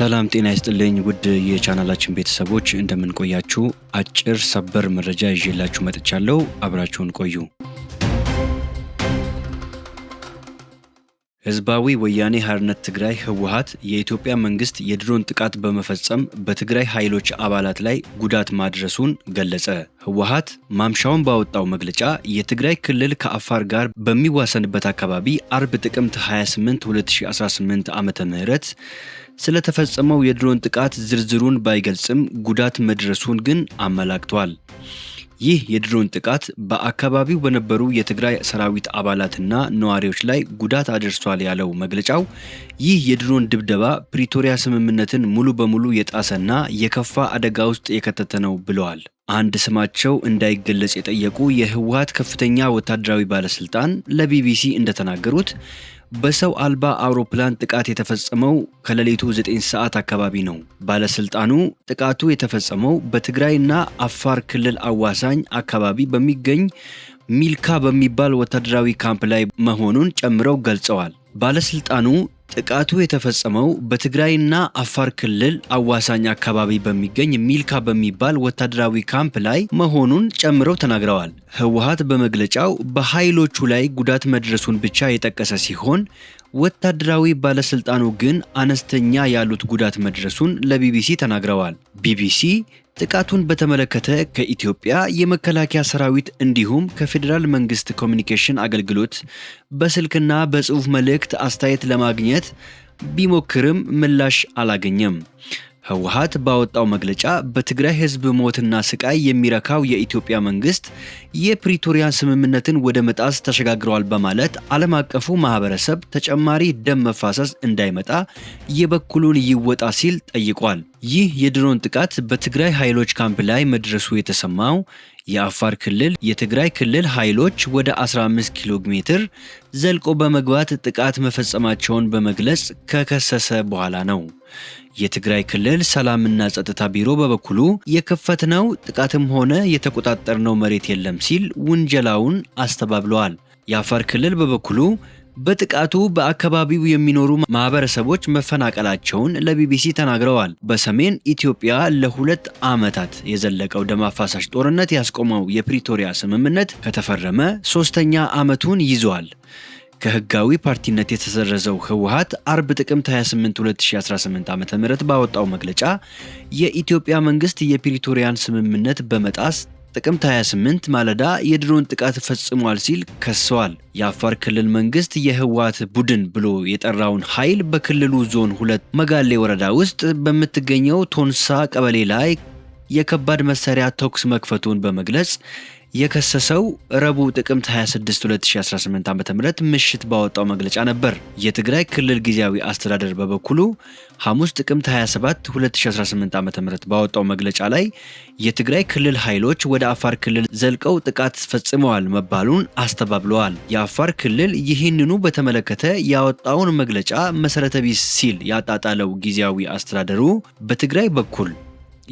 ሰላም ጤና ይስጥልኝ ውድ የቻናላችን ቤተሰቦች እንደምንቆያችሁ፣ አጭር ሰበር መረጃ ይዤላችሁ መጥቻለሁ። አብራችሁን ቆዩ። ህዝባዊ ወያኔ ሓርነት ትግራይ ህወሓት የኢትዮጵያ መንግስት የድሮን ጥቃት በመፈጸም በትግራይ ኃይሎች አባላት ላይ ጉዳት ማድረሱን ገለጸ። ህወሓት ማምሻውን ባወጣው መግለጫ የትግራይ ክልል ከአፋር ጋር በሚዋሰንበት አካባቢ አርብ ጥቅምት 28 2018 ዓ ም ስለተፈጸመው የድሮን ጥቃት ዝርዝሩን ባይገልጽም ጉዳት መድረሱን ግን አመላክቷል። ይህ የድሮን ጥቃት በአካባቢው በነበሩ የትግራይ ሰራዊት አባላትና ነዋሪዎች ላይ ጉዳት አድርሷል ያለው መግለጫው ይህ የድሮን ድብደባ ፕሪቶሪያ ስምምነትን ሙሉ በሙሉ የጣሰና የከፋ አደጋ ውስጥ የከተተ ነው ብለዋል። አንድ ስማቸው እንዳይገለጽ የጠየቁ የህወሀት ከፍተኛ ወታደራዊ ባለስልጣን ለቢቢሲ እንደተናገሩት በሰው አልባ አውሮፕላን ጥቃት የተፈጸመው ከሌሊቱ 9 ሰዓት አካባቢ ነው። ባለስልጣኑ ጥቃቱ የተፈጸመው በትግራይና አፋር ክልል አዋሳኝ አካባቢ በሚገኝ ሚልካ በሚባል ወታደራዊ ካምፕ ላይ መሆኑን ጨምረው ገልጸዋል። ባለስልጣኑ ጥቃቱ የተፈጸመው በትግራይና አፋር ክልል አዋሳኝ አካባቢ በሚገኝ ሚልካ በሚባል ወታደራዊ ካምፕ ላይ መሆኑን ጨምረው ተናግረዋል። ህወሓት በመግለጫው በኃይሎቹ ላይ ጉዳት መድረሱን ብቻ የጠቀሰ ሲሆን ወታደራዊ ባለስልጣኑ ግን አነስተኛ ያሉት ጉዳት መድረሱን ለቢቢሲ ተናግረዋል። ቢቢሲ ጥቃቱን በተመለከተ ከኢትዮጵያ የመከላከያ ሰራዊት እንዲሁም ከፌዴራል መንግስት ኮሚኒኬሽን አገልግሎት በስልክና በጽሑፍ መልእክት አስተያየት ለማግኘት ቢሞክርም ምላሽ አላገኘም። ህወሀት ባወጣው መግለጫ በትግራይ ህዝብ ሞትና ስቃይ የሚረካው የኢትዮጵያ መንግስት የፕሪቶሪያን ስምምነትን ወደ መጣስ ተሸጋግረዋል በማለት ዓለም አቀፉ ማህበረሰብ ተጨማሪ ደም መፋሰስ እንዳይመጣ የበኩሉን ይወጣ ሲል ጠይቋል። ይህ የድሮን ጥቃት በትግራይ ኃይሎች ካምፕ ላይ መድረሱ የተሰማው የአፋር ክልል የትግራይ ክልል ኃይሎች ወደ 15 ኪሎ ሜትር ዘልቆ በመግባት ጥቃት መፈጸማቸውን በመግለጽ ከከሰሰ በኋላ ነው። የትግራይ ክልል ሰላምና ጸጥታ ቢሮ በበኩሉ የከፈትነው ጥቃትም ሆነ የተቆጣጠርነው መሬት የለም ሲል ውንጀላውን አስተባብለዋል። የአፋር ክልል በበኩሉ በጥቃቱ በአካባቢው የሚኖሩ ማህበረሰቦች መፈናቀላቸውን ለቢቢሲ ተናግረዋል። በሰሜን ኢትዮጵያ ለሁለት ዓመታት የዘለቀው ደም አፋሳሽ ጦርነት ያስቆመው የፕሪቶሪያ ስምምነት ከተፈረመ ሶስተኛ ዓመቱን ይዟል። ከህጋዊ ፓርቲነት የተሰረዘው ህወሓት አርብ ጥቅምት 28 2018 ዓ.ም ባወጣው መግለጫ የኢትዮጵያ መንግስት የፕሪቶሪያን ስምምነት በመጣስ ጥቅምት 28 ማለዳ የድሮን ጥቃት ፈጽሟል ሲል ከሰዋል። የአፋር ክልል መንግስት የህወሓት ቡድን ብሎ የጠራውን ኃይል በክልሉ ዞን ሁለት መጋሌ ወረዳ ውስጥ በምትገኘው ቶንሳ ቀበሌ ላይ የከባድ መሳሪያ ተኩስ መክፈቱን በመግለጽ የከሰሰው ረቡዕ ጥቅምት 26 2018 ዓ ም ምሽት ባወጣው መግለጫ ነበር። የትግራይ ክልል ጊዜያዊ አስተዳደር በበኩሉ ሐሙስ ጥቅምት 27 2018 ዓ ም ባወጣው መግለጫ ላይ የትግራይ ክልል ኃይሎች ወደ አፋር ክልል ዘልቀው ጥቃት ፈጽመዋል መባሉን አስተባብለዋል። የአፋር ክልል ይህንኑ በተመለከተ ያወጣውን መግለጫ መሠረተቢስ ቢስ ሲል ያጣጣለው ጊዜያዊ አስተዳደሩ በትግራይ በኩል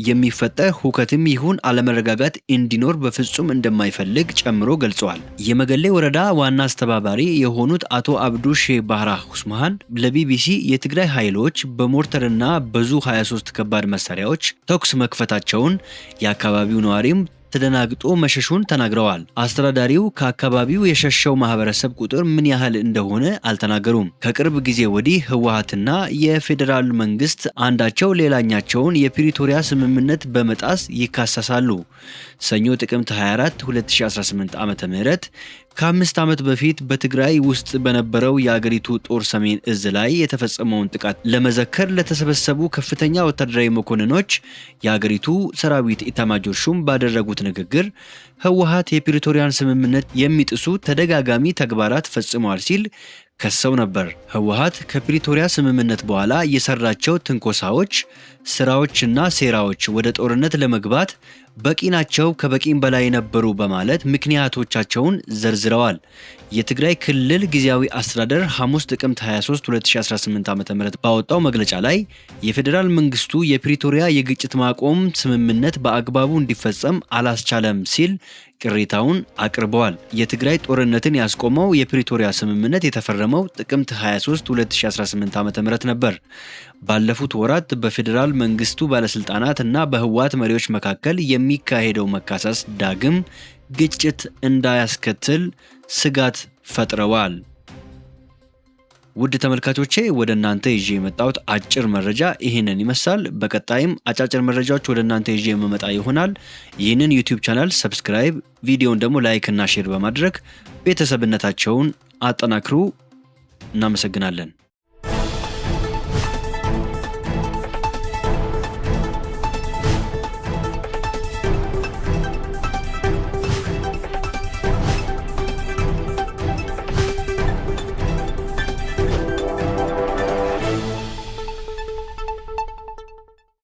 የሚፈጠር ሁከትም ይሁን አለመረጋጋት እንዲኖር በፍጹም እንደማይፈልግ ጨምሮ ገልጸዋል። የመገሌ ወረዳ ዋና አስተባባሪ የሆኑት አቶ አብዱ ሼህ ባህራ ሁስማሃን ለቢቢሲ የትግራይ ኃይሎች በሞርተርና በዙ 23 ከባድ መሳሪያዎች ተኩስ መክፈታቸውን የአካባቢው ነዋሪም ተደናግጦ መሸሹን ተናግረዋል። አስተዳዳሪው ከአካባቢው የሸሸው ማህበረሰብ ቁጥር ምን ያህል እንደሆነ አልተናገሩም። ከቅርብ ጊዜ ወዲህ ህወሀትና የፌዴራል መንግስት አንዳቸው ሌላኛቸውን የፕሪቶሪያ ስምምነት በመጣስ ይካሰሳሉ። ሰኞ ጥቅምት 24 2018 ዓ ም ከአምስት ዓመት በፊት በትግራይ ውስጥ በነበረው የአገሪቱ ጦር ሰሜን እዝ ላይ የተፈጸመውን ጥቃት ለመዘከር ለተሰበሰቡ ከፍተኛ ወታደራዊ መኮንኖች የአገሪቱ ሰራዊት ኢታማጆር ሹም ባደረጉት ንግግር ህወሀት የፕሪቶሪያን ስምምነት የሚጥሱ ተደጋጋሚ ተግባራት ፈጽመዋል ሲል ከሰው ነበር። ህወሀት ከፕሪቶሪያ ስምምነት በኋላ የሰራቸው ትንኮሳዎች፣ ስራዎችና ሴራዎች ወደ ጦርነት ለመግባት በቂ ናቸው፣ ከበቂም በላይ ነበሩ በማለት ምክንያቶቻቸውን ዘርዝረዋል። የትግራይ ክልል ጊዜያዊ አስተዳደር ሐሙስ ጥቅምት 23 2018 ዓ.ም ባወጣው መግለጫ ላይ የፌዴራል መንግስቱ የፕሪቶሪያ የግጭት ማቆም ስምምነት በአግባቡ እንዲፈጸም አላስቻለም ሲል ቅሬታውን አቅርበዋል። የትግራይ ጦርነትን ያስቆመው የፕሪቶሪያ ስምምነት የተፈረመው ጥቅምት 23 2018 ዓ.ም ነበር። ባለፉት ወራት በፌዴራል መንግስቱ ባለስልጣናት እና በህወሓት መሪዎች መካከል የሚ የሚካሄደው መካሰስ ዳግም ግጭት እንዳያስከትል ስጋት ፈጥረዋል። ውድ ተመልካቾቼ ወደ እናንተ ይዤ የመጣሁት አጭር መረጃ ይህንን ይመስላል። በቀጣይም አጫጭር መረጃዎች ወደ እናንተ ይዤ የመመጣ ይሆናል። ይህንን ዩቲዩብ ቻናል ሰብስክራይብ፣ ቪዲዮውን ደግሞ ላይክ እና ሼር በማድረግ ቤተሰብነታቸውን አጠናክሩ። እናመሰግናለን።